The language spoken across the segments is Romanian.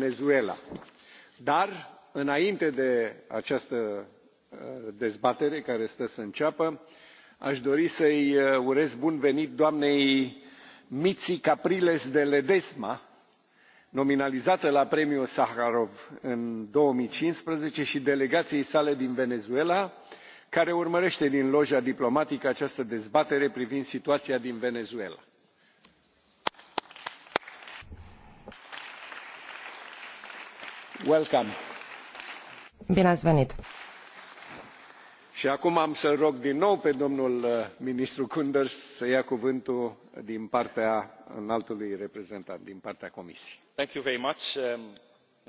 venezuela dar înainte de această uh, dezbatere care stă să înceapă aș dori să i uh, urez bun venit doamnei mitzi capriles de ledezma nominalizată la premiul saharov în două mii cincisprezece și delegației sale din venezuela care urmărește din loja diplomatică această dezbatere privind situația din venezuela. Welcome. Bine ați venit! Și acum am să rog din nou pe domnul uh, ministru Kunders să ia cuvântul din partea înaltului reprezentant, din partea Comisiei. Thank you very much. Um,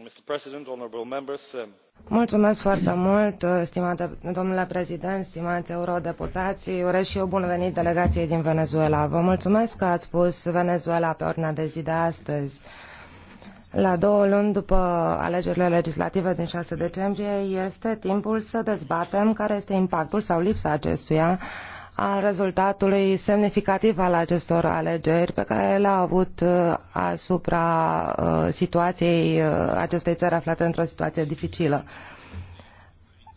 Mr. President, honorable members. Um. Mulțumesc foarte mult, uh, stimate domnule președinte, stimați eurodeputați. Urez și eu bun venit delegației din Venezuela. Vă mulțumesc că ați pus Venezuela pe ordinea de zi de astăzi. La două luni după alegerile legislative din 6 decembrie este timpul să dezbatem care este impactul sau lipsa acestuia al rezultatului semnificativ al acestor alegeri pe care le au avut uh, asupra uh, situației uh, acestei țări aflate într-o situație dificilă.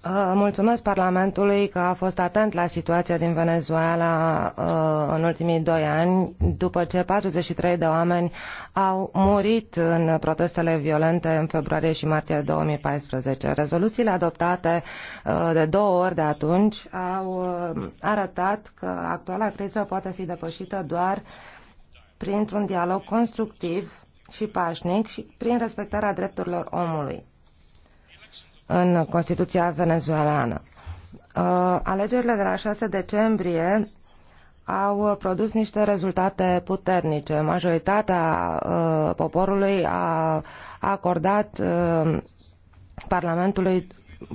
Uh, mulțumesc Parlamentului că a fost atent la situația din Venezuela uh, în ultimii doi ani, după ce 43 de oameni au murit în protestele violente în februarie și martie 2014. Rezoluțiile adoptate uh, de două ori de atunci au arătat că actuala criză poate fi depășită doar printr-un dialog constructiv și pașnic și prin respectarea drepturilor omului în Constituția venezuelană. Uh, alegerile de la 6 decembrie au produs niște rezultate puternice. Majoritatea uh, poporului a acordat uh, Parlamentului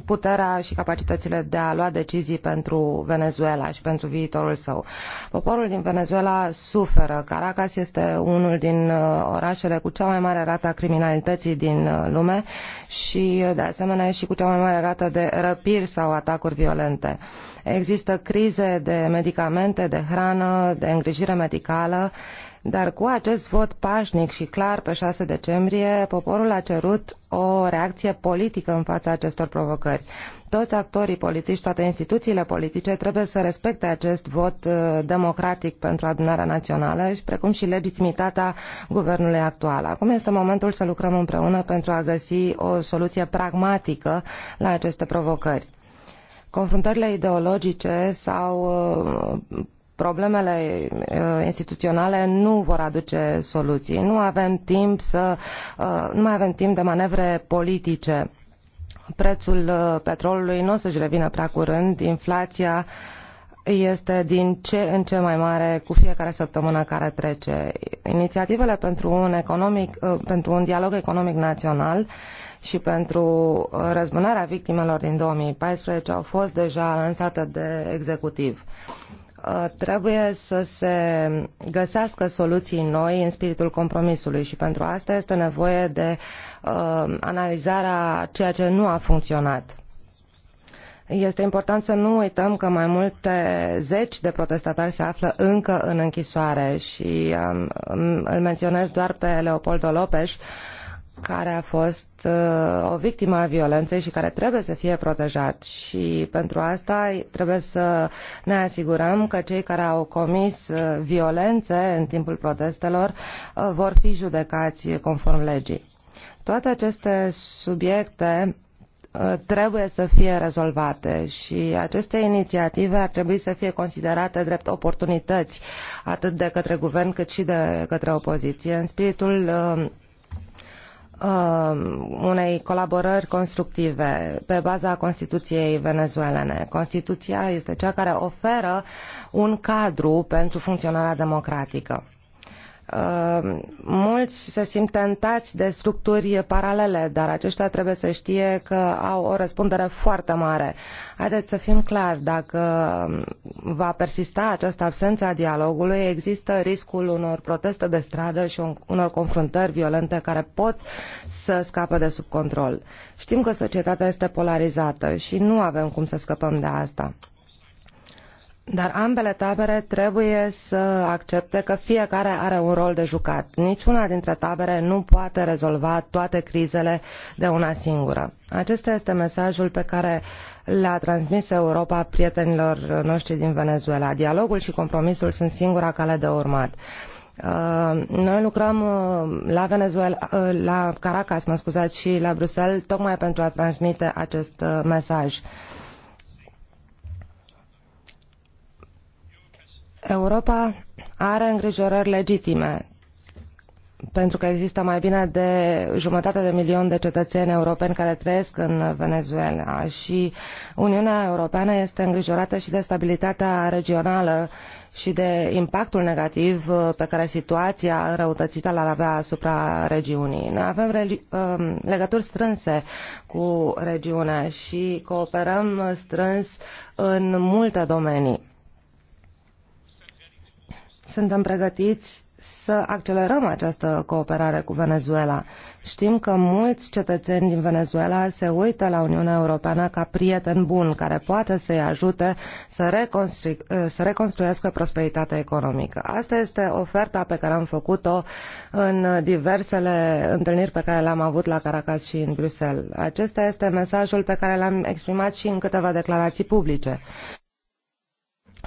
puterea și capacitățile de a lua decizii pentru Venezuela și pentru viitorul său. Poporul din Venezuela suferă. Caracas este unul din uh, orașele cu cea mai mare rată a criminalității din uh, lume și, uh, de asemenea, și cu cea mai mare rată de răpiri sau atacuri violente. Există crize de medicamente, de hrană, de îngrijire medicală dar cu acest vot pașnic și clar pe 6 decembrie, poporul a cerut o reacție politică în fața acestor provocări. Toți actorii politici, toate instituțiile politice trebuie să respecte acest vot uh, democratic pentru adunarea națională și precum și legitimitatea guvernului actual. Acum este momentul să lucrăm împreună pentru a găsi o soluție pragmatică la aceste provocări confruntările ideologice sau uh, problemele instituționale nu vor aduce soluții. Nu avem timp să nu mai avem timp de manevre politice. Prețul petrolului nu o să-și revină prea curând, inflația este din ce în ce mai mare cu fiecare săptămână care trece. Inițiativele pentru un, economic, pentru un dialog economic național și pentru răzbunarea victimelor din 2014 au fost deja lansate de executiv. Uh, trebuie să se găsească soluții noi în spiritul compromisului și pentru asta este nevoie de uh, analizarea ceea ce nu a funcționat. Este important să nu uităm că mai multe zeci de protestatari se află încă în închisoare și um, îl menționez doar pe Leopoldo Lopes, uh, care a fost uh, o victimă a violenței și care trebuie să fie protejat și pentru asta trebuie să ne asigurăm că cei care au comis uh, violențe în timpul protestelor uh, vor fi judecați conform legii. Toate aceste subiecte trebuie să fie rezolvate și aceste inițiative ar trebui să fie considerate drept oportunități atât de către guvern cât și de către opoziție în spiritul Um, unei colaborări constructive pe baza Constituției venezuelene. Constituția este cea care oferă un cadru pentru funcționarea democratică. Uh, mulți se simt tentați de structuri paralele, dar aceștia trebuie să știe că au o răspundere foarte mare. Haideți să fim clari, dacă va persista această absență a dialogului, există riscul unor proteste de stradă și unor confruntări violente care pot să scape de sub control. Știm că societatea este polarizată și nu avem cum să scăpăm de asta. Dar ambele tabere trebuie să accepte că fiecare are un rol de jucat. Niciuna dintre tabere nu poate rezolva toate crizele de una singură. Acesta este mesajul pe care l-a transmis Europa prietenilor noștri din Venezuela. Dialogul și compromisul sunt singura cale de urmat. Uh, noi lucrăm uh, la Venezuela, uh, la Caracas, mă scuzați, și la Bruxelles, tocmai pentru a transmite acest mesaj. Europa are îngrijorări legitime pentru că există mai bine de jumătate de milion de cetățeni europeni care trăiesc în Venezuela și Uniunea Europeană este îngrijorată și de stabilitatea regională și de impactul negativ uh, pe care situația răutățită l-ar avea asupra regiunii. Noi avem um, legături strânse cu regiunea și cooperăm strâns în multe domenii suntem pregătiți să accelerăm această cooperare cu Venezuela. Știm că mulți cetățeni din Venezuela se uită la Uniunea Europeană ca prieten bun care poate să-i ajute să, reconstru- să reconstruiască prosperitatea economică. Asta este oferta pe care am făcut-o în diversele întâlniri pe care le-am avut la Caracas și în Bruxelles. Acesta este mesajul pe care l-am exprimat și în câteva declarații publice.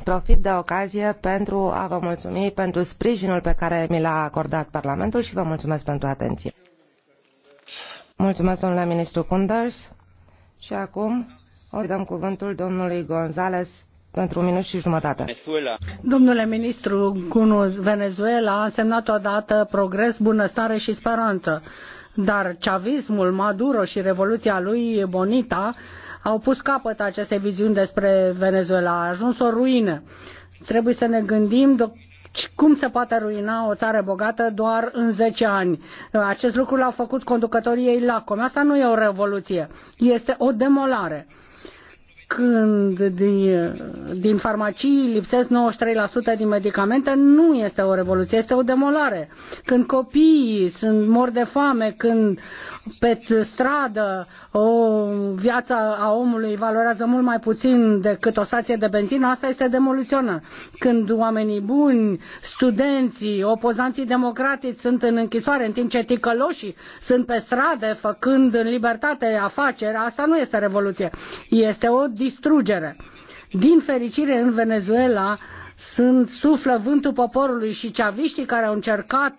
Profit de ocazie pentru a vă mulțumi pentru sprijinul pe care mi l-a acordat Parlamentul și vă mulțumesc pentru atenție. Mulțumesc, domnule ministru Kunders. Și acum o dăm cuvântul domnului Gonzales pentru un minut și jumătate. Domnule ministru Cunuz, Venezuela a însemnat odată progres, bunăstare și speranță. Dar chavismul, Maduro și revoluția lui Bonita au pus capăt acestei viziuni despre Venezuela. A ajuns o ruină. Trebuie să ne gândim cum se poate ruina o țară bogată doar în 10 ani. Acest lucru l-au făcut conducătorii ei LACOM. Asta nu e o revoluție, este o demolare când din, din farmacii lipsesc 93% din medicamente, nu este o revoluție, este o demolare. Când copiii sunt mor de foame, când pe stradă, o viața a omului valorează mult mai puțin decât o stație de benzină, asta este demoliționă. Când oamenii buni, studenții, opozanții democratici sunt în închisoare, în timp ce ticăloșii sunt pe stradă făcând în libertate afaceri, asta nu este revoluție, este o distrugere. Din fericire, în Venezuela, sunt suflă vântul poporului și ceaviștii care au încercat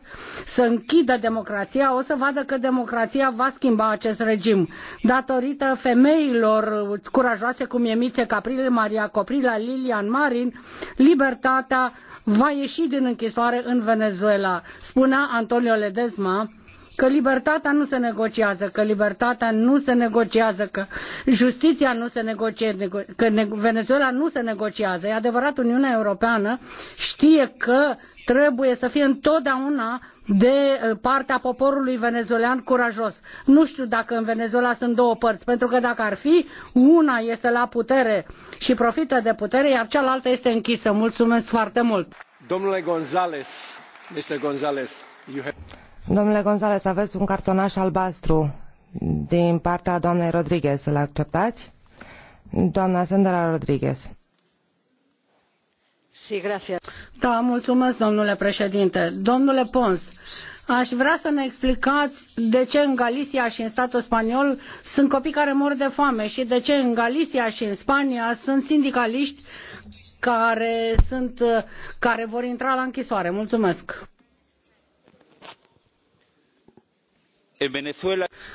să închidă democrația o să vadă că democrația va schimba acest regim. Datorită femeilor curajoase cum e Mițe Caprile, Maria Coprila, Lilian Marin, libertatea va ieși din închisoare în Venezuela, spunea Antonio Ledezma, că libertatea nu se negociază, că libertatea nu se negociază, că justiția nu se negociază, că Venezuela nu se negociază. E adevărat, Uniunea Europeană știe că trebuie să fie întotdeauna de eh, partea poporului venezuelan curajos. Nu știu dacă în Venezuela sunt două părți, pentru că dacă ar fi, una este la putere și profită de putere, iar cealaltă este închisă. Mulțumesc foarte mult! Domnule Gonzales, Mr. Gonzales, you have... Domnule Gonzalez, aveți un cartonaș albastru din partea doamnei Rodriguez. Îl acceptați? Doamna Sandra Rodriguez. da, mulțumesc, domnule președinte. Domnule Pons, aș vrea să ne explicați de ce în Galicia și în statul spaniol sunt copii care mor de foame și de ce în Galicia și în Spania sunt sindicaliști care, sunt, care vor intra la închisoare. Mulțumesc.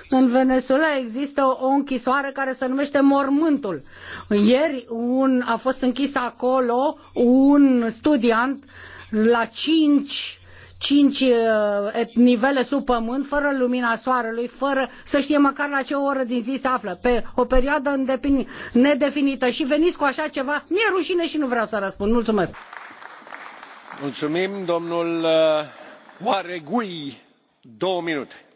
În Venezuela... există o închisoare care se numește Mormântul. Ieri un, a fost închis acolo un studiant la cinci cinci uh, nivele sub pământ, fără lumina soarelui, fără să știe măcar la ce oră din zi se află, pe o perioadă nedefinită. Și veniți cu așa ceva, mi-e rușine și nu vreau să răspund. Mulțumesc! Mulțumim, domnul uh, Oaregui, două minute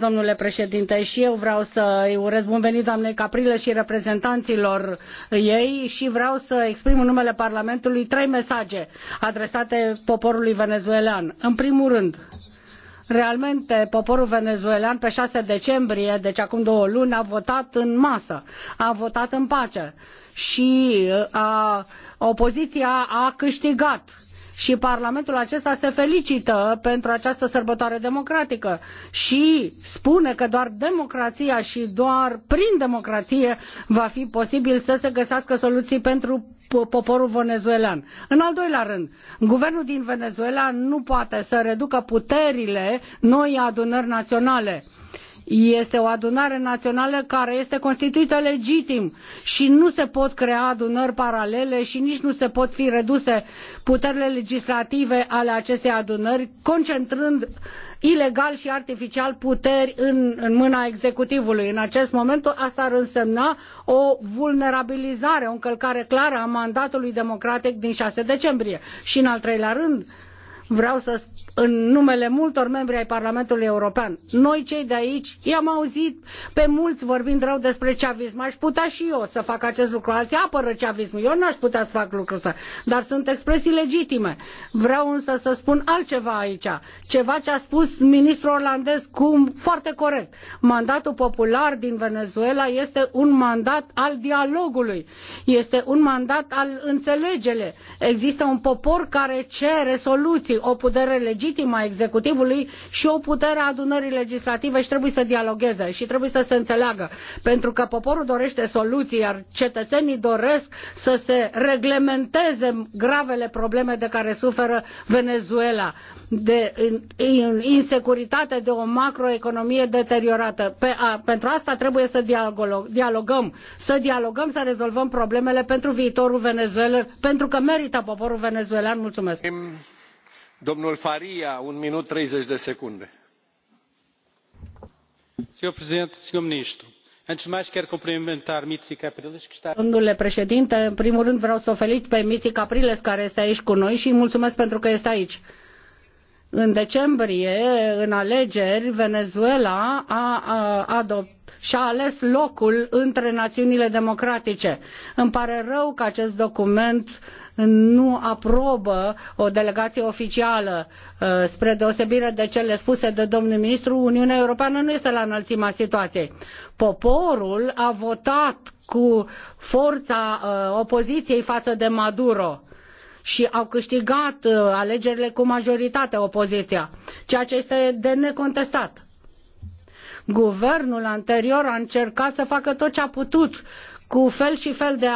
domnule președinte și eu vreau să îi urez bun venit doamnei caprile și reprezentanților ei și vreau să exprim în numele parlamentului trei mesaje adresate poporului venezuelan. în primul rând realmente poporul venezuelan pe 6 decembrie, deci acum două luni, a votat în masă, a votat în pace și uh, a, opoziția a câștigat și Parlamentul acesta se felicită pentru această sărbătoare democratică și spune că doar democrația și doar prin democrație va fi posibil să se găsească soluții pentru poporul venezuelan. În al doilea rând, guvernul din Venezuela nu poate să reducă puterile noii adunări naționale este o adunare națională care este constituită legitim și nu se pot crea adunări paralele și nici nu se pot fi reduse puterile legislative ale acestei adunări, concentrând ilegal și artificial puteri în, în mâna executivului. În acest moment asta ar însemna o vulnerabilizare, o încălcare clară a mandatului democratic din 6 decembrie. Și în al treilea rând, vreau să în numele multor membri ai Parlamentului European. Noi cei de aici i-am auzit pe mulți vorbind rău despre ceavism. Aș putea și eu să fac acest lucru. Alții apără ceavismul. Eu n-aș putea să fac lucrul ăsta. Dar sunt expresii legitime. Vreau însă să spun altceva aici. Ceva ce a spus ministrul olandez cum foarte corect. Mandatul popular din Venezuela este un mandat al dialogului. Este un mandat al înțelegerii. Există un popor care cere soluții o putere legitimă a executivului și o putere a adunării legislative și trebuie să dialogueze și trebuie să se înțeleagă. Pentru că poporul dorește soluții, iar cetățenii doresc să se reglementeze gravele probleme de care suferă Venezuela de insecuritate, de o macroeconomie deteriorată. Pe, a, pentru asta trebuie să dialogăm, să dialogăm, să rezolvăm problemele pentru viitorul Venezuelei, pentru că merită poporul venezuelan. Mulțumesc! antes de mais quero cumprimentar Mitzi Capriles que está... Domnule președinte, în primul rând vreau să o felicit pe Mitzi Capriles care este aici cu noi și îi mulțumesc pentru că este aici. În decembrie, în alegeri, Venezuela a, a adoptat și-a ales locul între națiunile democratice. Îmi pare rău că acest document nu aprobă o delegație oficială. Uh, spre deosebire de cele spuse de domnul ministru, Uniunea Europeană nu este la înălțimea situației. Poporul a votat cu forța uh, opoziției față de Maduro și au câștigat uh, alegerile cu majoritate opoziția, ceea ce este de necontestat Guvernul anterior a încercat să facă tot ce a putut cu fel și fel de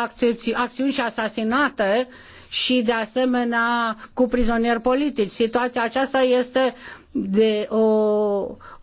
acțiuni și asasinate și de asemenea cu prizonieri politici. Situația aceasta este de o,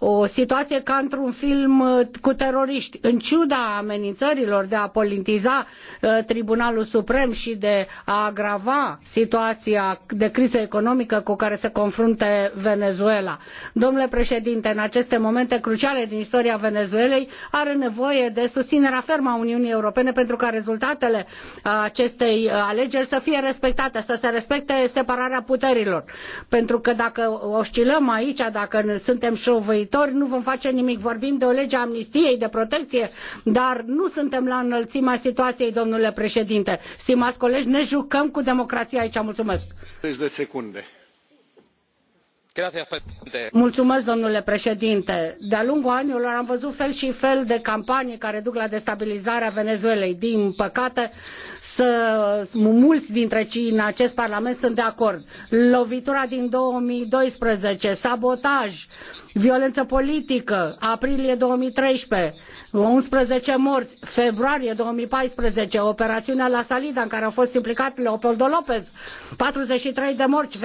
o situație ca într-un film uh, cu teroriști. În ciuda amenințărilor de a politiza uh, Tribunalul Suprem și de a agrava situația de criză economică cu care se confruntă Venezuela. Domnule președinte, în aceste momente cruciale din istoria Venezuelei are nevoie de susținerea fermă a Uniunii Europene pentru ca rezultatele uh, acestei alegeri să fie respectate, să se respecte separarea puterilor. Pentru că dacă oscilăm aici, dacă suntem șovăi vorbitori, nu vom face nimic. Vorbim de o lege a amnistiei, de protecție, dar nu suntem la înălțimea situației, domnule președinte. Stimați colegi, ne jucăm cu democrația aici. Mulțumesc. 30 de secunde Mulțumesc, domnule președinte. De-a lungul anilor am văzut fel și fel de campanii care duc la destabilizarea Venezuelei. Din păcate, mulți dintre cei în acest Parlament sunt de acord. Lovitura din 2012, sabotaj, violență politică, aprilie 2013, 11 morți, februarie 2014, operațiunea La Salida în care au fost implicat Leopoldo López, 43 de morți,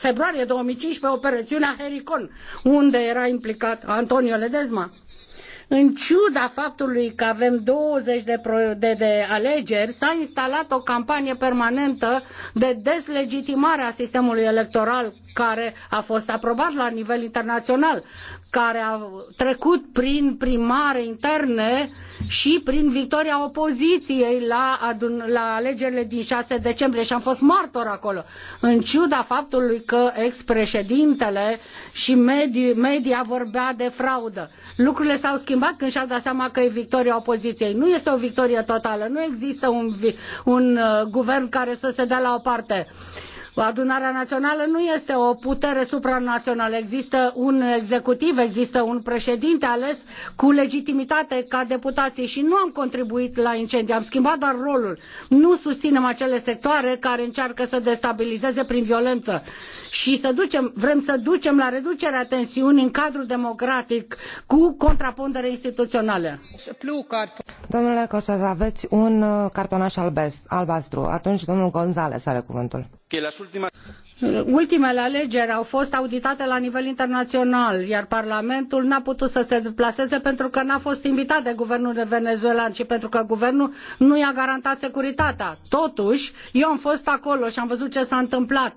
februarie 2015, operațiunea Hericon, unde era implicat Antonio Ledezma. În ciuda faptului că avem 20 de, pro- de, de alegeri, s-a instalat o campanie permanentă de deslegitimare a sistemului electoral care a fost aprobat la nivel internațional care a trecut prin primare interne și prin victoria opoziției la, adun- la alegerile din 6 decembrie și am fost martor acolo. În ciuda faptului că ex-președintele și medii, media vorbea de fraudă. Lucrurile s-au schimbat când și-au dat seama că e victoria opoziției. Nu este o victorie totală, nu există un, un uh, guvern care să se dea la o parte. Uh, Adunarea Națională nu este o putere supranațională. Există un executiv, există un președinte ales cu legitimitate ca deputații și nu am contribuit la incendiu. Am schimbat doar rolul. Nu susținem acele sectoare care încearcă să destabilizeze prin violență. Și să ducem, vrem să ducem la reducerea tensiunii în cadrul democratic cu contrapondere instituțională. Domnule Cosas, aveți un uh, cartonaș albastru. Atunci domnul González are cuvântul. Ultimele alegeri au fost auditate la nivel internațional, iar Parlamentul n-a putut să se deplaseze pentru că n-a fost invitat de guvernul venezuelan și pentru că guvernul nu i-a garantat securitatea. Totuși, eu am fost acolo și am văzut ce s-a întâmplat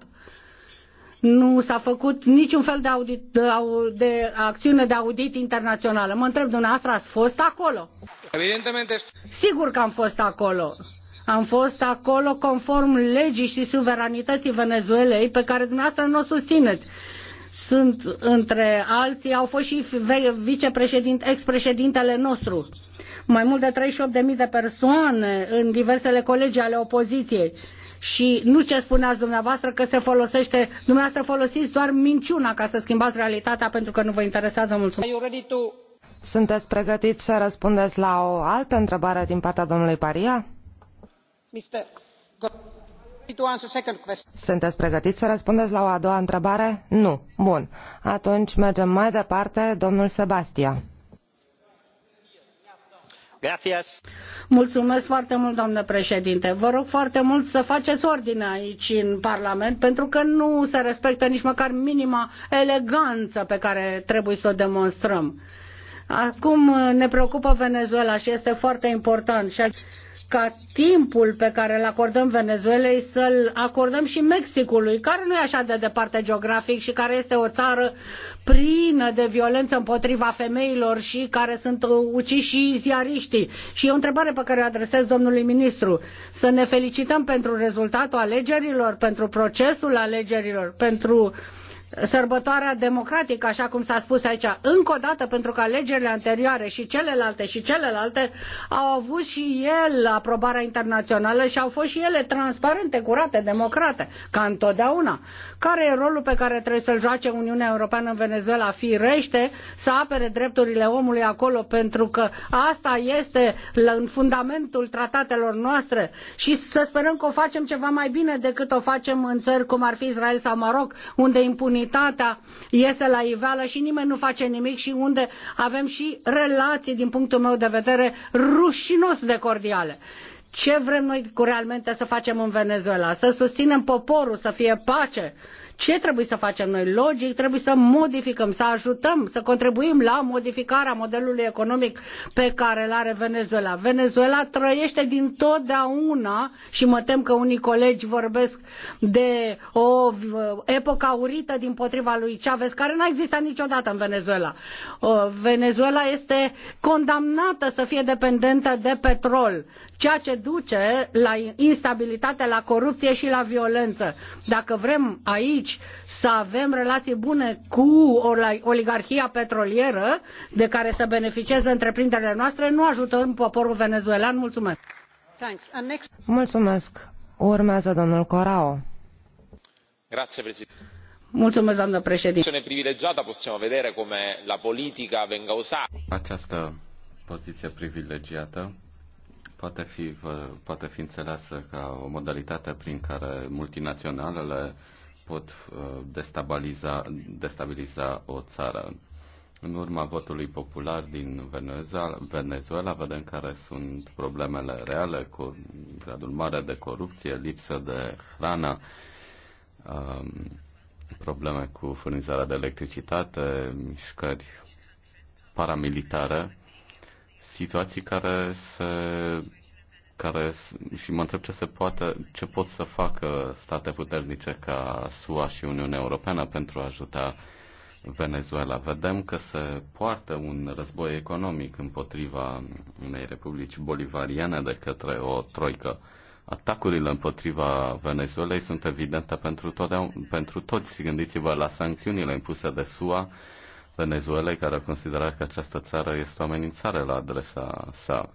nu s-a făcut niciun fel de, audit, de, de acțiune de audit internațională. Mă întreb, dumneavoastră ați fost acolo? Evidentemente. Sigur că am fost acolo. Am fost acolo conform legii și suveranității Venezuelei pe care dumneavoastră nu o susțineți sunt între alții, au fost și vicepreședinte, ex-președintele nostru. Mai mult de 38.000 de persoane în diversele colegii ale opoziției. Și nu ce spuneați dumneavoastră că se folosește, dumneavoastră folosiți doar minciuna ca să schimbați realitatea pentru că nu vă interesează. Mulțumesc. Sunteți pregătiți să răspundeți la o altă întrebare din partea domnului Paria? sunteți pregătiți să răspundeți la o a doua întrebare? nu. bun. atunci mergem mai departe. domnul Sebastian. Mulțumesc foarte mult, doamnă președinte. Vă rog foarte mult să faceți ordine aici în Parlament, pentru că nu se respectă nici măcar minima eleganță pe care trebuie să o demonstrăm. Acum ne preocupă Venezuela și este foarte important. Și ca timpul pe care îl acordăm Venezuelei să-l acordăm și Mexicului, care nu e așa de departe geografic și care este o țară plină de violență împotriva femeilor și care sunt uciși și ziariștii. Și e o întrebare pe care o adresez domnului ministru. Să ne felicităm pentru rezultatul alegerilor, pentru procesul alegerilor, pentru uh, sărbătoarea democratică, așa cum s-a spus aici, încă o dată, pentru că alegerile anterioare și celelalte și celelalte au avut și el aprobarea internațională și au fost și ele transparente, curate, democrate, ca întotdeauna. Care e rolul pe care trebuie să-l joace Uniunea Europeană în Venezuela? Firește să apere drepturile omului acolo, pentru că asta este în fundamentul tratatelor noastre și să sperăm că o facem ceva mai bine decât o facem în țări cum ar fi Israel sau Maroc, unde impunitatea impunitatea iese la iveală și nimeni nu face nimic și unde avem și relații, din punctul meu de vedere, rușinos de cordiale. Ce vrem noi cu realmente să facem în Venezuela? Să susținem poporul, să fie pace, ce trebuie să facem noi? Logic, trebuie să modificăm, să ajutăm, să contribuim la modificarea modelului economic pe care îl are Venezuela. Venezuela trăiește din totdeauna și mă tem că unii colegi vorbesc de o epocă aurită din potriva lui Chavez, care n-a existat niciodată în Venezuela. Venezuela este condamnată să fie dependentă de petrol, ceea ce duce la instabilitate, la corupție și la violență. Dacă vrem aici aici să avem relații bune cu oligarhia petrolieră de care să beneficieze întreprinderile noastre, nu ajutăm poporul venezuelan. Mulțumesc! Mulțumesc! Urmează domnul Corao. Grazie, Presidente doamnă președintă privilegiată putem vedea cum la politica venga usată. Această poziție privilegiată poate fi, poate fi înțeleasă ca o modalitate prin care multinaționalele pot uh, destabiliza, destabiliza o țară. În urma votului popular din Venezuela, Venezuela vedem care sunt problemele reale cu gradul mare de corupție, lipsă de hrană, um, probleme cu furnizarea de electricitate, mișcări paramilitare, situații care se care, și mă întreb ce, se poate, ce pot să facă state puternice ca SUA și Uniunea Europeană pentru a ajuta Venezuela. Vedem că se poartă un război economic împotriva unei republici bolivariene de către o troică. Atacurile împotriva Venezuelei sunt evidente pentru, toate, pentru toți. Gândiți-vă la sancțiunile impuse de SUA Venezuelei, care a considerat că această țară este o amenințare la adresa sa.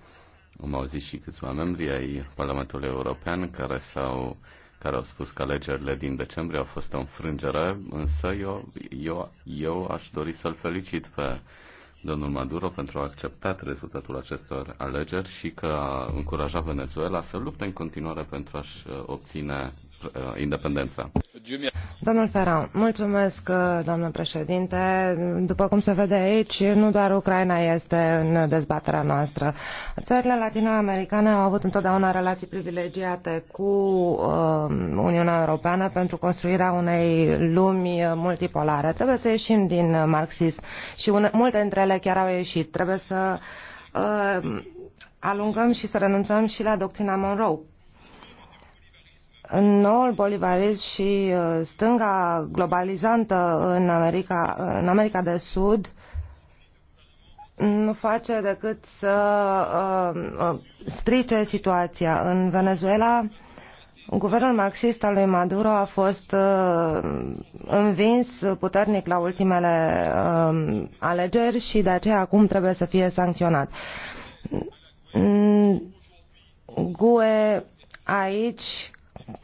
Am auzit și câțiva membri ai Parlamentului European care, s-au, care au spus că alegerile din decembrie au fost o înfrângere, însă eu, eu, eu aș dori să-l felicit pe domnul Maduro pentru a accepta rezultatul acestor alegeri și că a încurajat Venezuela să lupte în continuare pentru a-și obține Uh, independența. Domnul Ferran, mulțumesc, uh, domnul președinte. După cum se vede aici, nu doar Ucraina este în dezbaterea noastră. Țările latinoamericane au avut întotdeauna relații privilegiate cu uh, Uniunea Europeană pentru construirea unei lumi multipolare. Trebuie să ieșim din marxism și multe dintre ele chiar au ieșit. Trebuie să alungăm și să renunțăm și la doctrina Monroe în noul bolivarist și uh, stânga globalizantă în America, în America de Sud nu face decât să uh, uh, strice situația. În Venezuela, guvernul marxist al lui Maduro a fost uh, învins puternic la ultimele uh, alegeri și de aceea acum trebuie să fie sancționat. GUE aici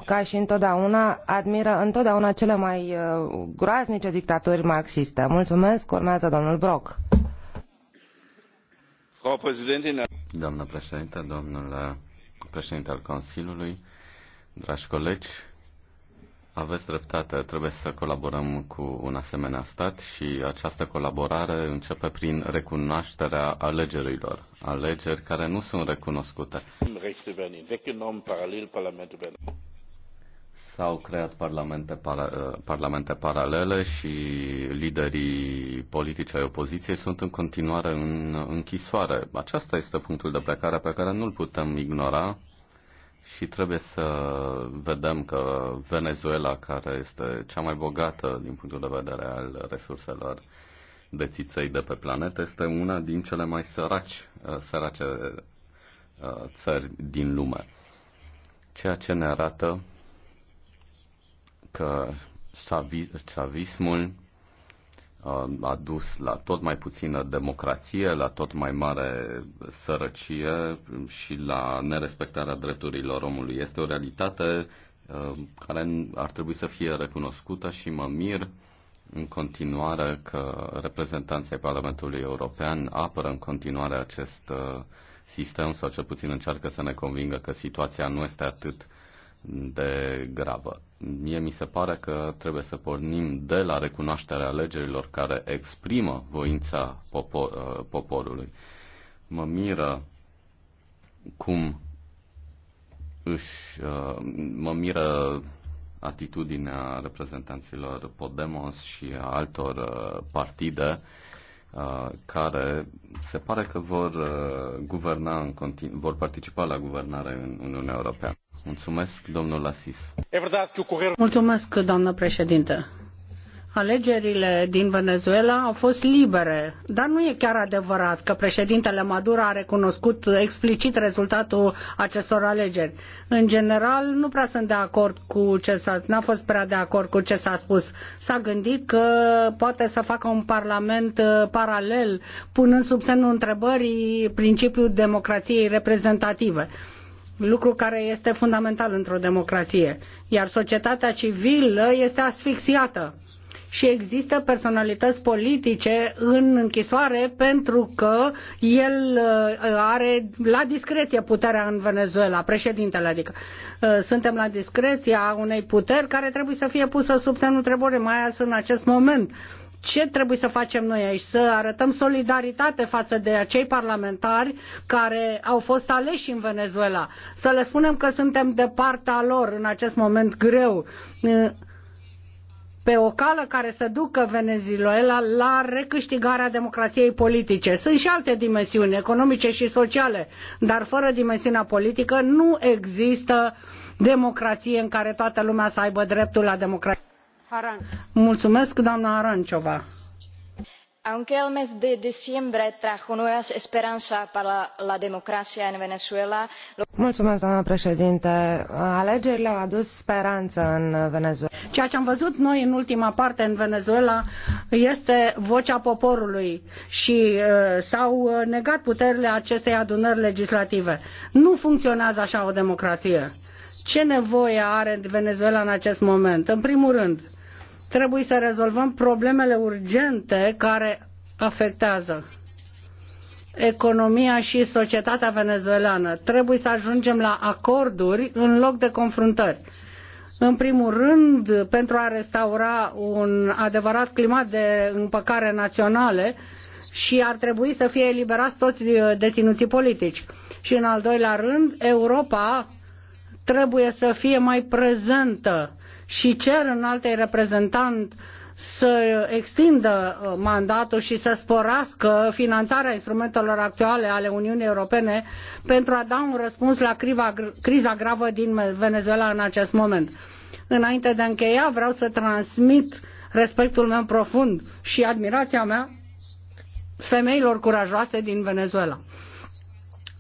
ca și întotdeauna, admiră întotdeauna cele mai uh, groaznice dictaturi marxiste. Mulțumesc, urmează domnul Brock. Doamnă președinte, domnule președinte al Consiliului, dragi colegi, aveți dreptate, trebuie să colaborăm cu un asemenea stat și această colaborare începe prin recunoașterea alegerilor, alegeri care nu sunt recunoscute. S-au creat parlamente, para, uh, parlamente paralele și liderii politici ai opoziției sunt în continuare în închisoare. Aceasta este punctul de plecare pe care nu-l putem ignora și trebuie să vedem că Venezuela, care este cea mai bogată din punctul de vedere al resurselor de țiței de pe planetă, este una din cele mai săraci, uh, sărace uh, țări din lume. Ceea ce ne arată că savismul uh, a dus la tot mai puțină democrație, la tot mai mare sărăcie și la nerespectarea drepturilor omului. Este o realitate uh, care ar trebui să fie recunoscută și mă mir în continuare că reprezentanții Parlamentului European apără în continuare acest uh, sistem sau cel puțin încearcă să ne convingă că situația nu este atât de grabă. Mie mi se pare că trebuie să pornim de la recunoașterea alegerilor care exprimă voința popor- uh, poporului. Mă miră cum își, uh, mă miră atitudinea reprezentanților Podemos și a altor uh, partide care se pare că vor guverna în continu- vor participa la guvernare în Uniunea Europeană. Mulțumesc, domnul Asis. Mulțumesc, doamnă președintă. Alegerile din Venezuela au fost libere, dar nu e chiar adevărat că președintele Maduro a recunoscut explicit rezultatul acestor alegeri. În general, nu prea sunt de acord cu ce s-a, n-a fost prea de acord cu ce s-a spus. S-a gândit că poate să facă un parlament uh, paralel, punând sub semnul întrebării principiul democrației reprezentative lucru care este fundamental într-o democrație. Iar societatea civilă este asfixiată și există personalități politice în închisoare pentru că el uh, are la discreție puterea în Venezuela, președintele adică. Uh, suntem la discreția unei puteri care trebuie să fie pusă sub semnul întrebării, mai ales în acest moment ce trebuie să facem noi aici? Să arătăm solidaritate față de acei parlamentari care au fost aleși în Venezuela. Să le spunem că suntem de partea lor în acest moment greu pe o cală care să ducă Venezuela la recâștigarea democrației politice. Sunt și alte dimensiuni, economice și sociale, dar fără dimensiunea politică nu există democrație în care toată lumea să aibă dreptul la democrație. Mulțumesc, doamna Aranciova. Aunque el mes de diciembre trajo nuevas esperanzas para la democracia en Venezuela. Mulțumesc, doamna președinte. Alegerile au adus speranță în Venezuela. Ceea ce am văzut noi în ultima parte în Venezuela este vocea poporului și uh, s-au uh, negat puterile acestei adunări legislative. Nu funcționează așa o democrație. Ce nevoie are Venezuela în acest moment? În primul rând, Trebuie să rezolvăm problemele urgente care afectează economia și societatea venezuelană. Trebuie să ajungem la acorduri în loc de confruntări. În primul rând, pentru a restaura un adevărat climat de împăcare naționale și ar trebui să fie eliberați toți deținuții politici. Și în al doilea rând, Europa trebuie să fie mai prezentă și cer în altei reprezentant să extindă uh, mandatul și să sporească finanțarea instrumentelor actuale ale Uniunii Europene pentru a da un răspuns la criza gravă din Venezuela în acest moment. Înainte de a încheia, vreau să transmit respectul meu profund și admirația mea femeilor curajoase din Venezuela.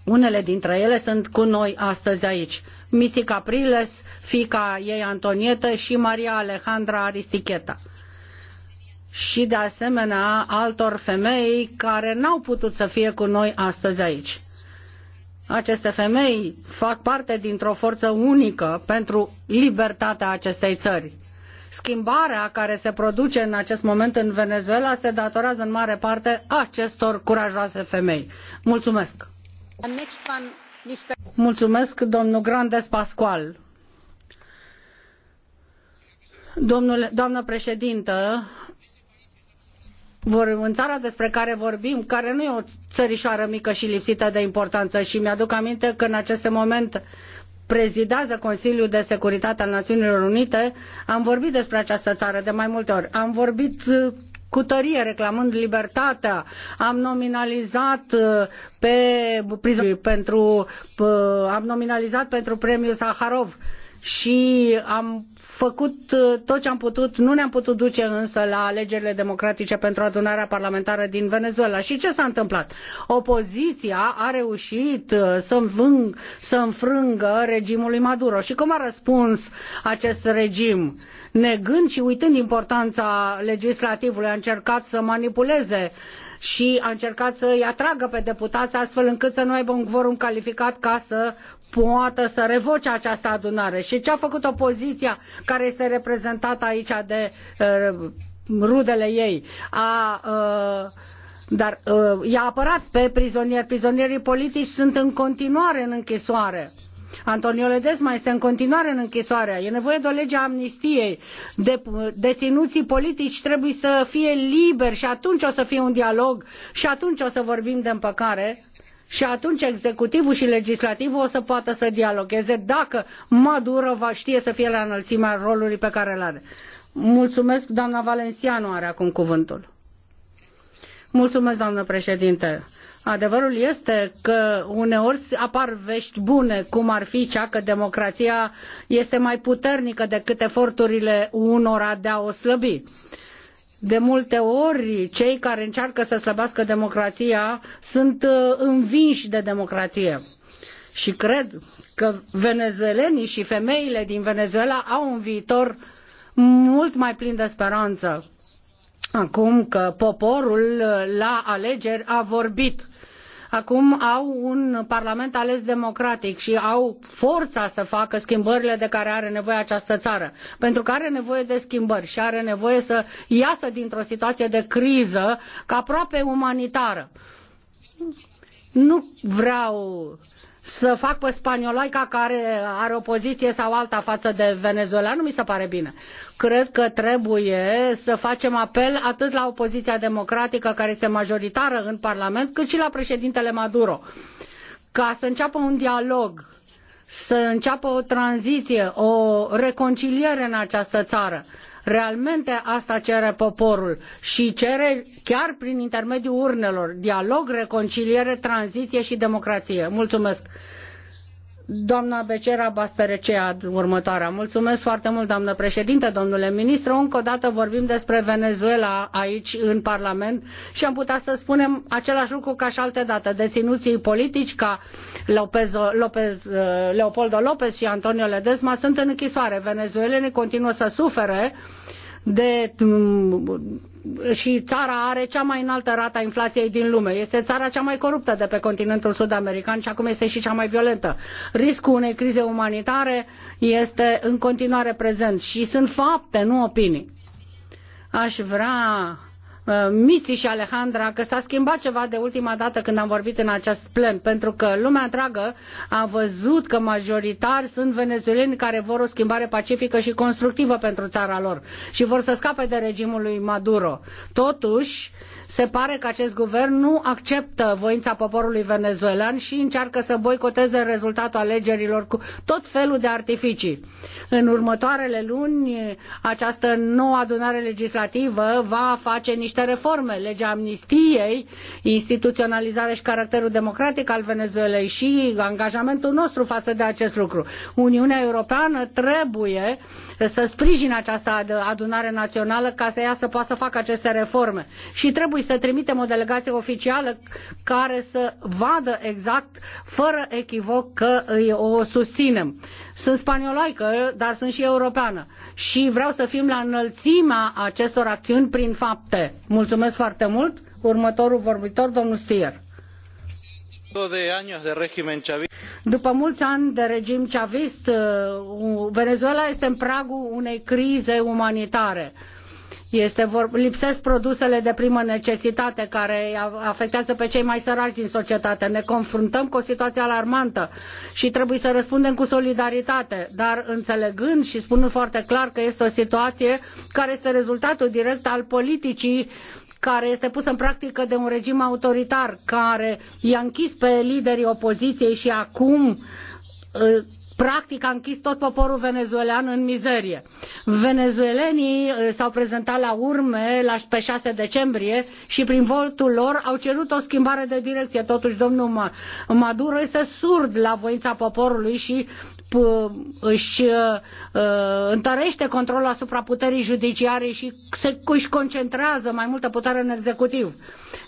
Unele dintre ele sunt cu noi astăzi aici. Miții Capriles, fica ei Antonietă și Maria Alejandra Aristicheta și de asemenea altor femei care n-au putut să fie cu noi astăzi aici. Aceste femei fac parte dintr-o forță unică pentru libertatea acestei țări. Schimbarea care se produce în acest moment în Venezuela se datorează în mare parte acestor curajoase femei. Mulțumesc! next one, Mulțumesc, Grandes doamnă președintă, în țara despre care vorbim, care nu e o țărișoară mică și lipsită de importanță și mi-aduc aminte că în acest moment prezidează Consiliul de Securitate al Națiunilor Unite, am vorbit despre această țară de mai multe ori. Am vorbit cu tărie reclamând libertatea. Am nominalizat uh, pe, pentru, uh, am nominalizat pentru premiul Saharov și am făcut uh, tot ce am putut, nu ne-am putut duce însă la alegerile democratice pentru adunarea parlamentară din Venezuela. Și ce s-a întâmplat? Opoziția a reușit uh, să, învâng, să înfrângă regimul lui Maduro. Și cum a răspuns acest regim? Negând și uitând importanța legislativului, a încercat să manipuleze și a încercat să îi atragă pe deputați astfel încât să nu aibă un quorum calificat ca să poată să revoce această adunare. Și ce a făcut opoziția care este reprezentată aici de uh, rudele ei? A, uh, dar uh, i-a apărat pe prizonieri. Prizonierii politici sunt în continuare în închisoare. Antonio Ledesma este în continuare în închisoare. E nevoie de o lege a amnistiei. De, deținuții politici trebuie să fie liberi și atunci o să fie un dialog și atunci o să vorbim de împăcare și atunci executivul și legislativul o să poată să dialogueze dacă Maduro va știe să fie la înălțimea rolului pe care îl are. Mulțumesc, doamna Valenciano are acum cuvântul. Mulțumesc, doamnă președinte. Adevărul este că uneori apar vești bune, cum ar fi cea că democrația este mai puternică decât eforturile unora de a o slăbi. Uh, de multe ori, cei care încearcă să slăbească democrația sunt uh, învinși de democrație. Și cred că venezuelenii și femeile din Venezuela au un viitor mult mai plin de speranță acum că poporul uh, la alegeri a vorbit acum au un parlament ales democratic și au forța să facă schimbările de care are nevoie această țară. Pentru că are nevoie de schimbări și are nevoie să iasă dintr-o situație de criză aproape umanitară. Nu vreau să fac pe spaniolaica care are o poziție sau alta față de Venezuela, nu mi se pare bine. Cred că trebuie să facem apel atât la opoziția democratică care este majoritară în Parlament, cât și la președintele Maduro, ca să înceapă un dialog, să înceapă o tranziție, o reconciliere în această țară Realmente asta cere poporul și cere chiar prin intermediul urnelor dialog, reconciliere, tranziție și democrație. Mulțumesc! Doamna Becera Bastărecea, următoarea. Mulțumesc foarte mult, doamnă președinte, domnule ministru. Încă o dată vorbim despre Venezuela aici în Parlament și am putea să spunem același lucru ca și alte dată. Deținuții politici ca Lopez, Lopez, Leopoldo López și Antonio Ledesma sunt în închisoare. Venezuelenii continuă să sufere uh, de mm, și țara are cea mai înaltă rată a inflației din lume. Este țara cea mai coruptă de pe continentul sud-american și acum este și cea mai violentă. Riscul unei crize umanitare este în continuare prezent și sunt fapte, nu opinii. Aș vrea Uh, Miții și Alejandra că s-a schimbat ceva de ultima dată când am vorbit în acest plen, pentru că lumea întreagă a văzut că majoritar sunt venezueleni care vor o schimbare pacifică și constructivă pentru țara lor și vor să scape de regimul lui Maduro. Totuși, se pare că acest guvern nu acceptă voința poporului venezuelan și încearcă să boicoteze rezultatul alegerilor cu tot felul de artificii. În următoarele luni, această nouă adunare legislativă va face niște niște reforme, legea amnistiei, instituționalizarea și caracterul democratic al Venezuelei și angajamentul nostru față de acest lucru. Uniunea Europeană trebuie să sprijine această adunare națională ca să ea să poată să facă aceste reforme. Și trebuie să trimitem o delegație oficială care să vadă exact, fără echivoc, că o susținem. Sunt spanioloică, dar sunt și europeană. Și vreau să fim la înălțimea acestor acțiuni prin fapte. Mulțumesc foarte mult. Următorul vorbitor, domnul Stier. După mulți ani de regim chavist, uh, Venezuela este în pragul unei crize umanitare este lipsesc produsele de primă necesitate care afectează pe cei mai săraci din societate. Ne confruntăm cu o situație alarmantă și trebuie să răspundem cu solidaritate, dar înțelegând și spunând foarte clar că este o situație care este rezultatul direct al politicii care este pusă în practică de un regim autoritar care i-a închis pe liderii opoziției și acum uh, practic a închis tot poporul venezuelan în mizerie. Venezuelenii eh, s-au prezentat la urme la, pe 6 decembrie și prin votul lor au cerut o schimbare de direcție. Totuși, domnul Maduro este surd la voința poporului și își uh, uh, întărește controlul asupra puterii judiciare și se, își concentrează mai multă putere în executiv.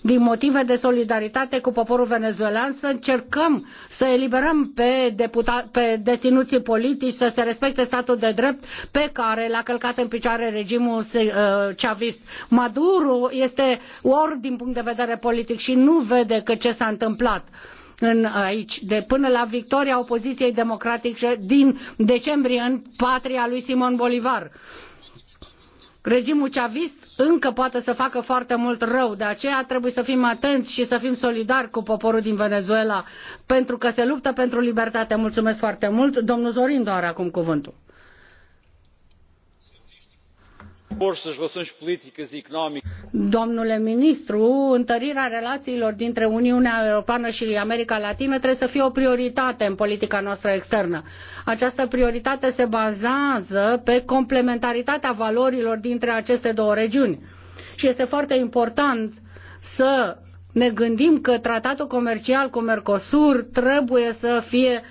Din motive de solidaritate cu poporul venezuelan să încercăm să eliberăm pe, deputa, pe deținuții politici, să se respecte statul de drept pe care l-a călcat în picioare regimul uh, chavist. Maduro este orb din punct de vedere politic și nu vede că ce s-a întâmplat. Uh, în aici, de până la victoria opoziției democratice din decembrie în patria lui Simon Bolivar. Regimul chavist încă poate să facă foarte mult rău, de aceea trebuie să fim atenți și să fim solidari cu poporul din Venezuela, pentru că se luptă pentru libertate. Mulțumesc foarte mult. Domnul Zorin doar acum cuvântul. Domnule ministru, întărirea relațiilor dintre Uniunea Europeană și America Latină trebuie să fie o prioritate în politica noastră externă. Această prioritate se bazează pe complementaritatea valorilor dintre aceste două regiuni. Și este foarte important să ne gândim că tratatul comercial cu Mercosur trebuie să fie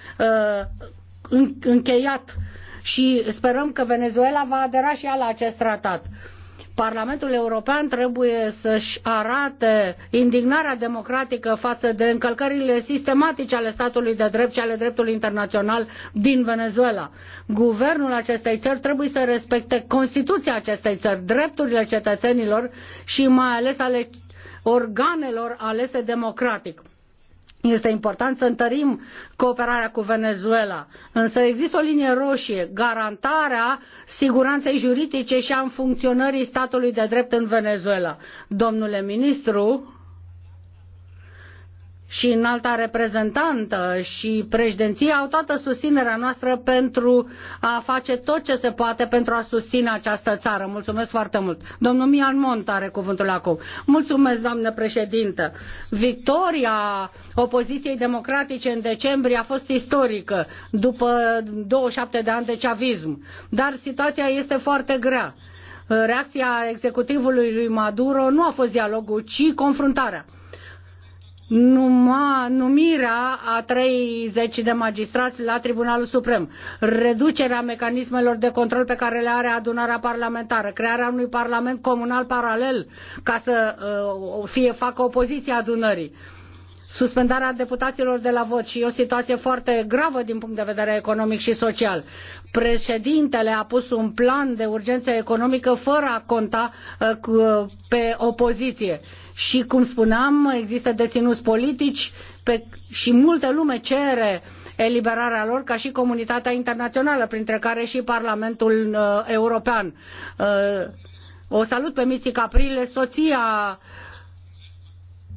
uh, încheiat și sperăm că Venezuela va adera și ea la acest tratat. Parlamentul European trebuie să-și arate indignarea democratică față de încălcările sistematice ale statului de drept și ale dreptului internațional din Venezuela. Guvernul acestei țări trebuie să respecte Constituția acestei țări, drepturile cetățenilor și mai ales ale organelor alese democratic este important să întărim cooperarea cu Venezuela, însă există o linie roșie, garantarea siguranței juridice și a funcționării statului de drept în Venezuela. Domnule ministru, și înalta reprezentantă și președinția au toată susținerea noastră pentru a face tot ce se poate pentru a susține această țară. Mulțumesc foarte mult. Domnul Mian Mont are cuvântul acum. Mulțumesc, doamnă președintă. Victoria opoziției democratice în decembrie a fost istorică, după 27 de ani de ceavism. Dar situația este foarte grea. Reacția executivului lui Maduro nu a fost dialogul, ci confruntarea numa, numirea a 30 de magistrați la Tribunalul Suprem, reducerea mecanismelor de control pe care le are adunarea parlamentară, crearea unui parlament comunal paralel ca să uh, fie facă opoziția adunării suspendarea deputaților de la vot și e o situație foarte gravă din punct de vedere economic și social. Președintele a pus un plan de urgență economică fără a conta uh, pe opoziție. Și, cum spuneam, există deținuți politici pe, și multă lume cere eliberarea lor ca și comunitatea internațională, printre care și Parlamentul uh, European. Uh, o salut pe Miții Caprile, soția uh,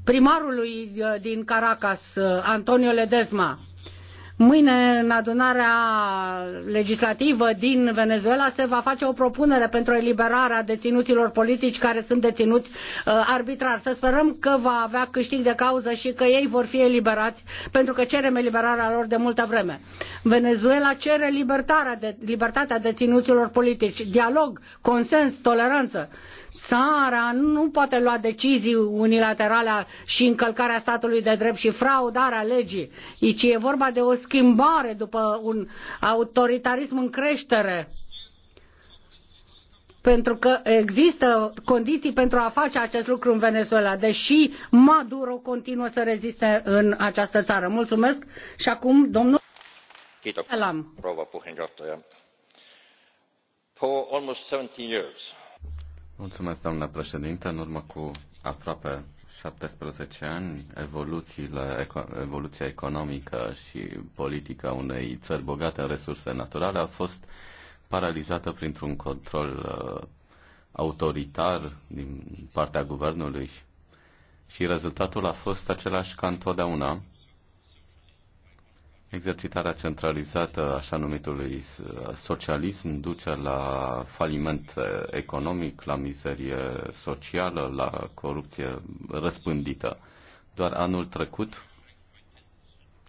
primarului uh, din Caracas, uh, Antonio Ledezma. Mâine, în adunarea legislativă din Venezuela, se va face o propunere pentru eliberarea deținuților politici care sunt deținuți uh, arbitrar. Să sperăm că va avea câștig de cauză și că ei vor fi eliberați, pentru că cerem eliberarea lor de multă vreme. Venezuela cere libertarea de, libertatea deținuților politici, dialog, consens, toleranță. Țara nu poate lua decizii unilaterale și încălcarea statului de drept și fraudarea legii, ci deci e vorba de o schimbare după un autoritarism în creștere pentru că există condiții pentru a face acest lucru în Venezuela, deși Maduro continuă să reziste în această țară. Mulțumesc și acum domnul Elam. Mulțumesc, doamna președinte. În urmă cu aproape 17 ani, evoluțiile, evoluția economică și politică a unei țări bogate în resurse naturale a fost paralizată printr-un control uh, autoritar din partea guvernului și rezultatul a fost același ca întotdeauna, Exercitarea centralizată așa numitului uh, socialism duce la faliment uh, economic, la mizerie socială, la corupție răspândită. Doar anul trecut,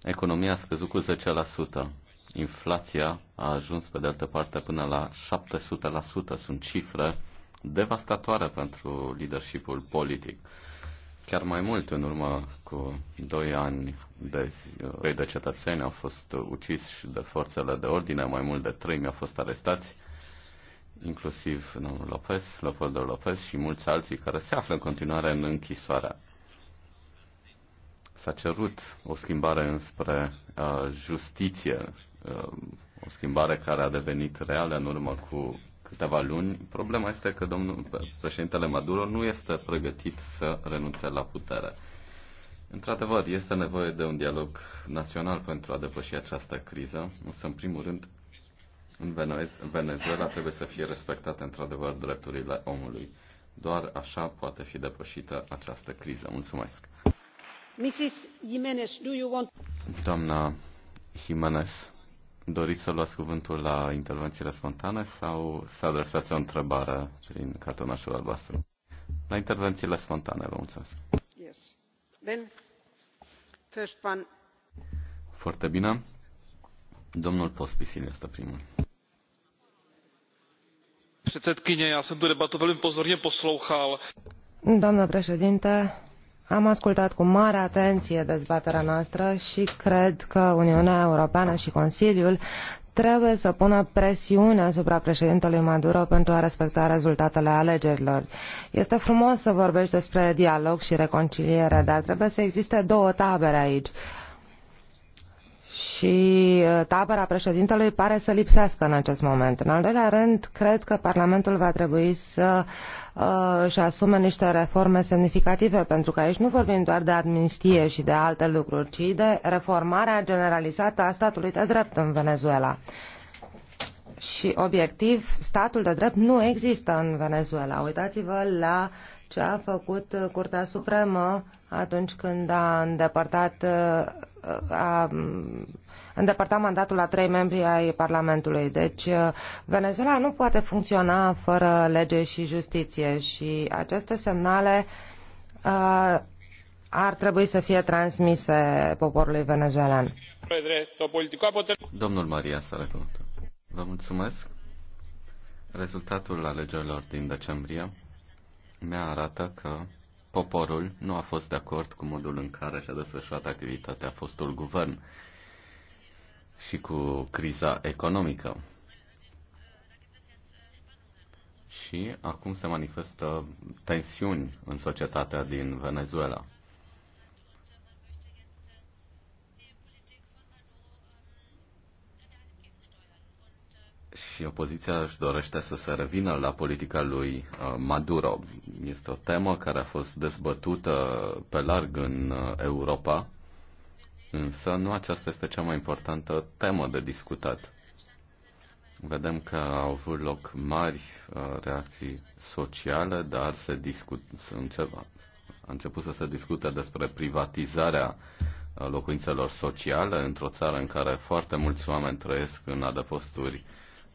economia a scăzut cu 10%. Inflația a ajuns, pe de altă parte, până la 700%. Sunt cifre devastatoare pentru leadershipul politic. Chiar mai mult, în urmă cu doi ani, de, zi, de cetățeni au fost uciși de forțele de ordine, mai mult de trei mi-au fost arestați, inclusiv domnul Lopez, Leopoldo Lopez și mulți alții care se află în continuare în închisoare. S-a cerut o schimbare înspre uh, justiție, uh, o schimbare care a devenit reală în urmă cu câteva luni. Problema este că domnul președintele Maduro nu este pregătit să renunțe la putere. Într-adevăr, este nevoie de un dialog național pentru a depăși această criză, însă, în primul rând, în Venezuela trebuie să fie respectate într-adevăr drepturile omului. Doar așa poate fi depășită această criză. Mulțumesc. Mrs. Jimenez, do you want... Doamna Jimenez, Doriți să luați cuvântul la intervențiile spontane sau să adresați o întrebare prin cartonașul albastru? La intervențiile spontane, vă mulțumesc. Yes. Then, first one. Foarte bine. Domnul Pospisin este primul. Předsedkyně, já jsem tu debatu velmi pozorně poslouchal. Doamnă președinte, am ascultat cu mare atenție dezbaterea noastră și cred că Uniunea Europeană și Consiliul trebuie să pună presiune asupra președintelui Maduro pentru a respecta rezultatele alegerilor. Este frumos să vorbești despre dialog și reconciliere, dar trebuie să existe două tabere aici și uh, tabăra președintelui pare să lipsească în acest moment. În al doilea rând, cred că Parlamentul va trebui să uh, își asume niște reforme semnificative, pentru că aici nu vorbim doar de amnistie și de alte lucruri, ci de reformarea generalizată a statului de drept în Venezuela. Și, obiectiv, statul de drept nu există în Venezuela. Uitați-vă la ce a făcut Curtea Supremă atunci când a îndepărtat uh, a îndepărta mandatul la trei membri ai Parlamentului. Deci uh, Venezuela nu poate funcționa fără lege și justiție și aceste semnale uh, ar trebui să fie transmise poporului venezuelan. Domnul Maria Sărăcăută, vă mulțumesc. Rezultatul alegerilor din decembrie ne arată că poporul nu a fost de acord cu modul în care și-a desfășurat activitatea fostul guvern și cu criza economică. Și acum se manifestă tensiuni în societatea din Venezuela. și opoziția își dorește să se revină la politica lui uh, Maduro. Este o temă care a fost dezbătută pe larg în uh, Europa, însă nu aceasta este cea mai importantă temă de discutat. Vedem că au avut loc mari uh, reacții sociale, dar se discut, se înceva, a început să se discute despre privatizarea locuințelor sociale într-o țară în care foarte mulți oameni trăiesc în adăposturi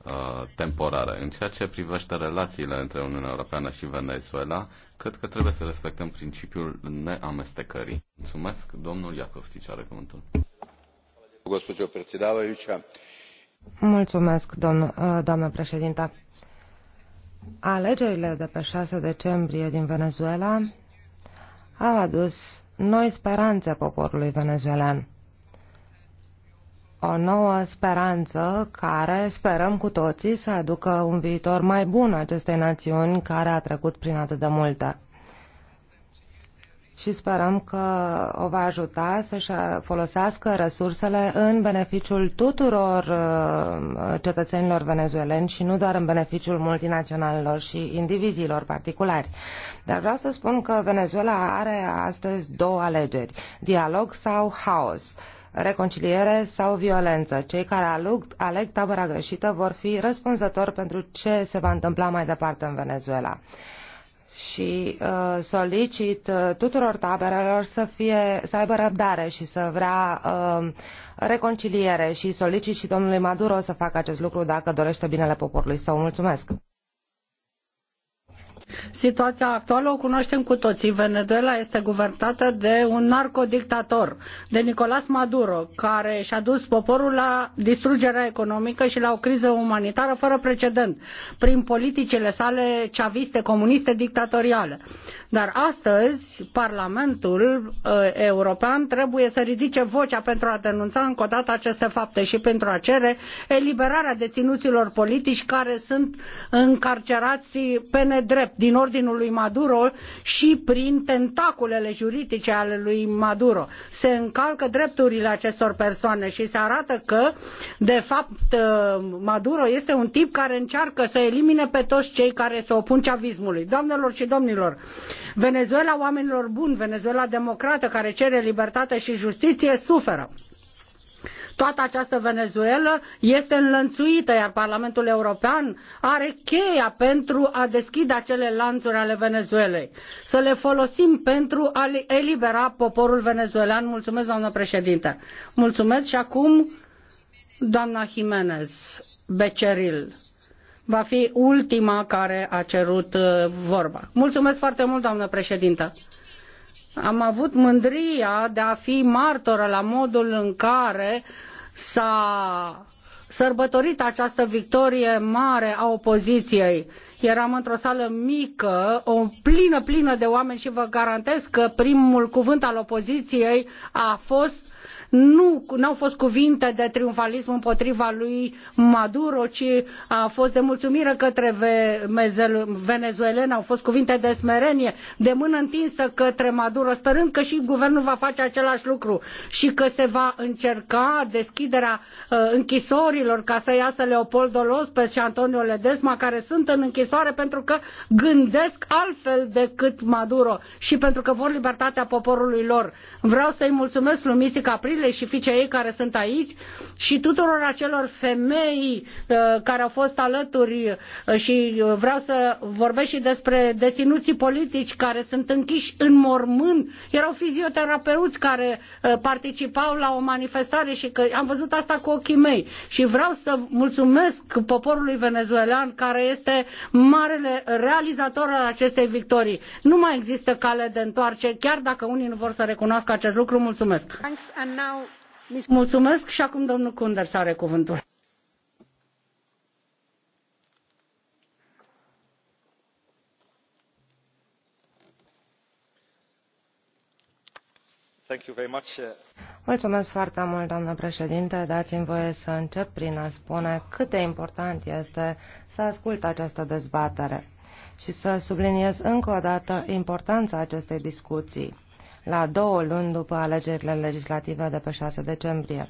Uh, temporare. În ceea ce privește relațiile între Uniunea Europeană și Venezuela, cred că trebuie să respectăm principiul neamestecării. Mulțumesc, domnul Iacovcici are cuvântul. Mulțumesc, domn, uh, doamnă președintă. Alegerile de pe 6 decembrie din Venezuela au adus noi speranțe poporului venezuelan o nouă speranță care sperăm cu toții să aducă un viitor mai bun acestei națiuni care a trecut prin atât de multe. Și sperăm că o va ajuta să-și folosească resursele în beneficiul tuturor uh, cetățenilor venezueleni și nu doar în beneficiul multinaționalelor și indivizilor particulari. Dar vreau să spun că Venezuela are astăzi două alegeri, dialog sau haos reconciliere sau violență. Cei care aleg, aleg tabăra greșită vor fi răspunzători pentru ce se va întâmpla mai departe în Venezuela și uh, solicit uh, tuturor taberelor să, fie, să aibă răbdare și să vrea uh, reconciliere și solicit și domnului Maduro să facă acest lucru dacă dorește binele poporului său. Mulțumesc! Situația actuală o cunoaștem cu toții. Venezuela este guvernată de un narcodictator, de Nicolas Maduro, care și-a dus poporul la distrugerea economică și la o criză umanitară fără precedent, prin politicile sale chaviste, comuniste, dictatoriale. Dar astăzi, Parlamentul uh, European trebuie să ridice vocea pentru a denunța încă o dată aceste fapte și pentru a cere eliberarea deținuților politici care sunt încarcerați pe nedrept din ordinul lui Maduro și prin tentaculele juridice ale lui Maduro. Se încalcă drepturile acestor persoane și se arată că, de fapt, uh, Maduro este un tip care încearcă să elimine pe toți cei care se opun ceavismului. Doamnelor și domnilor, Venezuela oamenilor buni, Venezuela democrată care cere libertate și justiție, suferă toată această Venezuelă este înlănțuită, iar Parlamentul European are cheia pentru a deschide acele lanțuri ale Venezuelei. Să le folosim pentru a elibera poporul venezuelan. Mulțumesc, doamnă președinte. Mulțumesc și acum doamna Jimenez Beceril va fi ultima care a cerut uh, vorba. Mulțumesc foarte mult, doamnă președintă. Am avut mândria de a fi martoră la modul în care s-a sărbătorit această victorie mare a opoziției. Eram într-o sală mică, o plină, plină de oameni și vă garantez că primul cuvânt al opoziției a fost nu au fost cuvinte de triumfalism împotriva lui Maduro, ci a fost de mulțumire către venezueleni, au fost cuvinte de smerenie, de mână întinsă către Maduro, sperând că și guvernul va face același lucru și că se va încerca deschiderea uh, închisorilor ca să iasă Leopoldo López și Antonio Ledesma, care sunt în închisoare pentru că gândesc altfel decât Maduro și pentru că vor libertatea poporului lor. Vreau să-i mulțumesc lui Mițica Aprilie și fiicei ei care sunt aici și tuturor acelor femei uh, care au fost alături uh, și vreau să vorbesc și despre deținuții politici care sunt închiși în mormânt. Erau fizioterapeuți care uh, participau la o manifestare și că am văzut asta cu ochii mei. Și vreau să mulțumesc poporului venezuelan care este marele realizator al acestei victorii. Nu mai există cale de întoarcere, chiar dacă unii nu vor să recunoască acest lucru. Mulțumesc! Mulțumesc și acum domnul Kunders are cuvântul. Uh, Mulțumesc foarte mult, doamnă președinte. Dați-mi voie să încep prin a spune cât de important este să ascult această dezbatere și să subliniez încă o dată importanța acestei discuții la două luni după alegerile legislative de pe 6 decembrie.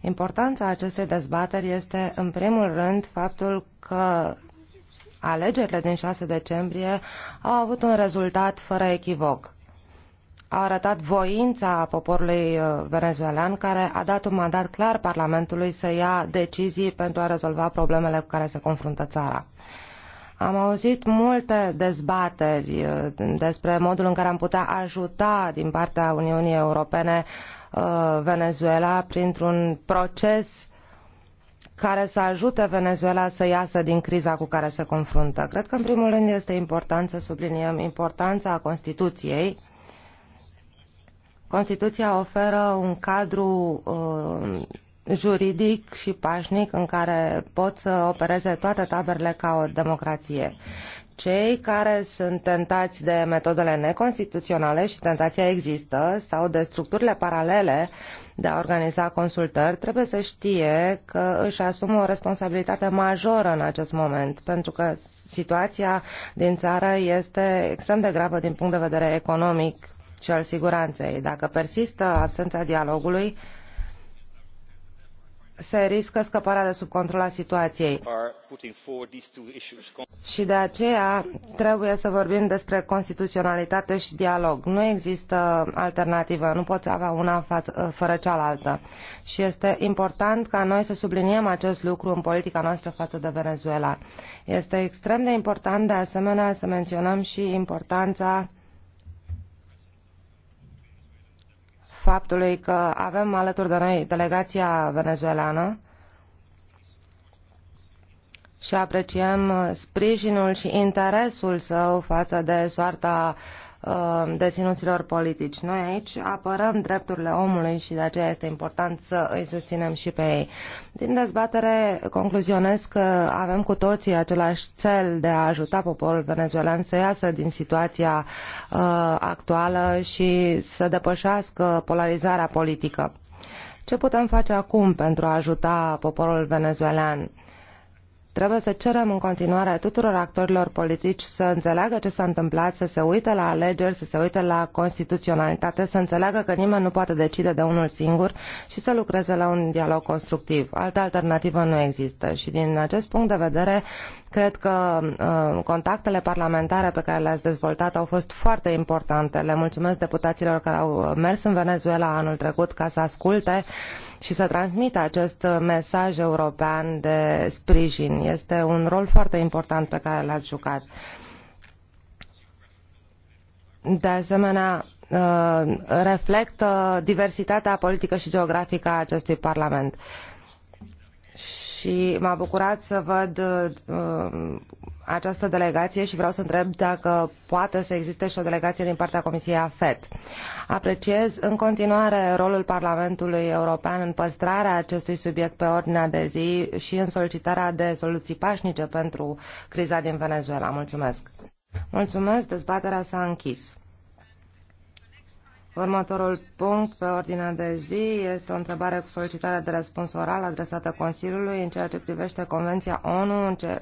Importanța acestei dezbateri este, în primul rând, faptul că alegerile din 6 decembrie au avut un rezultat fără echivoc. Au arătat voința poporului uh, venezuelan care a dat un mandat clar Parlamentului să ia decizii pentru a rezolva problemele cu care se confruntă țara. Am auzit multe dezbateri uh, despre modul în care am putea ajuta din partea Uniunii Europene uh, Venezuela printr-un proces care să ajute Venezuela să iasă din criza cu care se confruntă. Cred că, în primul rând, este important să subliniem importanța Constituției. Constituția oferă un cadru uh, juridic și pașnic în care pot să opereze toate taberele ca o democrație. Cei care sunt tentați de metodele neconstituționale și tentația există sau de structurile paralele de a organiza consultări trebuie să știe că își asumă o responsabilitate majoră în acest moment, pentru că situația din țară este extrem de gravă din punct de vedere economic și al siguranței. Dacă persistă absența dialogului, se riscă scăparea de sub control a situației. Și de aceea trebuie să vorbim despre constituționalitate și dialog. Nu există alternativă, nu poți avea una față, ă, fără cealaltă. Și este important ca noi să subliniem acest lucru în politica noastră față de Venezuela. Este extrem de important de asemenea să menționăm și importanța faptului că avem alături de noi delegația venezuelană și apreciem sprijinul și interesul său față de soarta Uh, deținuților politici. Noi aici apărăm drepturile omului și de aceea este important să îi susținem și pe ei. Din dezbatere concluzionez că avem cu toții același cel de a ajuta poporul venezuelan să iasă din situația uh, actuală și să depășească polarizarea politică. Ce putem face acum pentru a ajuta poporul venezuelan? Trebuie să cerem în continuare tuturor actorilor politici să înțeleagă ce s-a întâmplat, să se uite la alegeri, să se uite la constituționalitate, să înțeleagă că nimeni nu poate decide de unul singur și să lucreze la un dialog constructiv. Altă alternativă nu există și din acest punct de vedere Cred că uh, contactele parlamentare pe care le-ați dezvoltat au fost foarte importante. Le mulțumesc deputaților care au uh, mers în Venezuela anul trecut ca să asculte și să transmită acest mesaj european de sprijin. Este un rol foarte important pe care l-ați jucat. De asemenea, uh, reflectă diversitatea politică și geografică a acestui Parlament și m-a bucurat să văd uh, această delegație și vreau să întreb dacă poate să existe și o delegație din partea Comisiei AFET. Apreciez în continuare rolul Parlamentului European în păstrarea acestui subiect pe ordinea de zi și în solicitarea de soluții pașnice pentru criza din Venezuela. Mulțumesc! Mulțumesc, dezbaterea s-a închis. Următorul punct pe ordinea de zi este o întrebare cu solicitare de răspuns oral adresată Consiliului în ceea ce privește Convenția ONU în ce,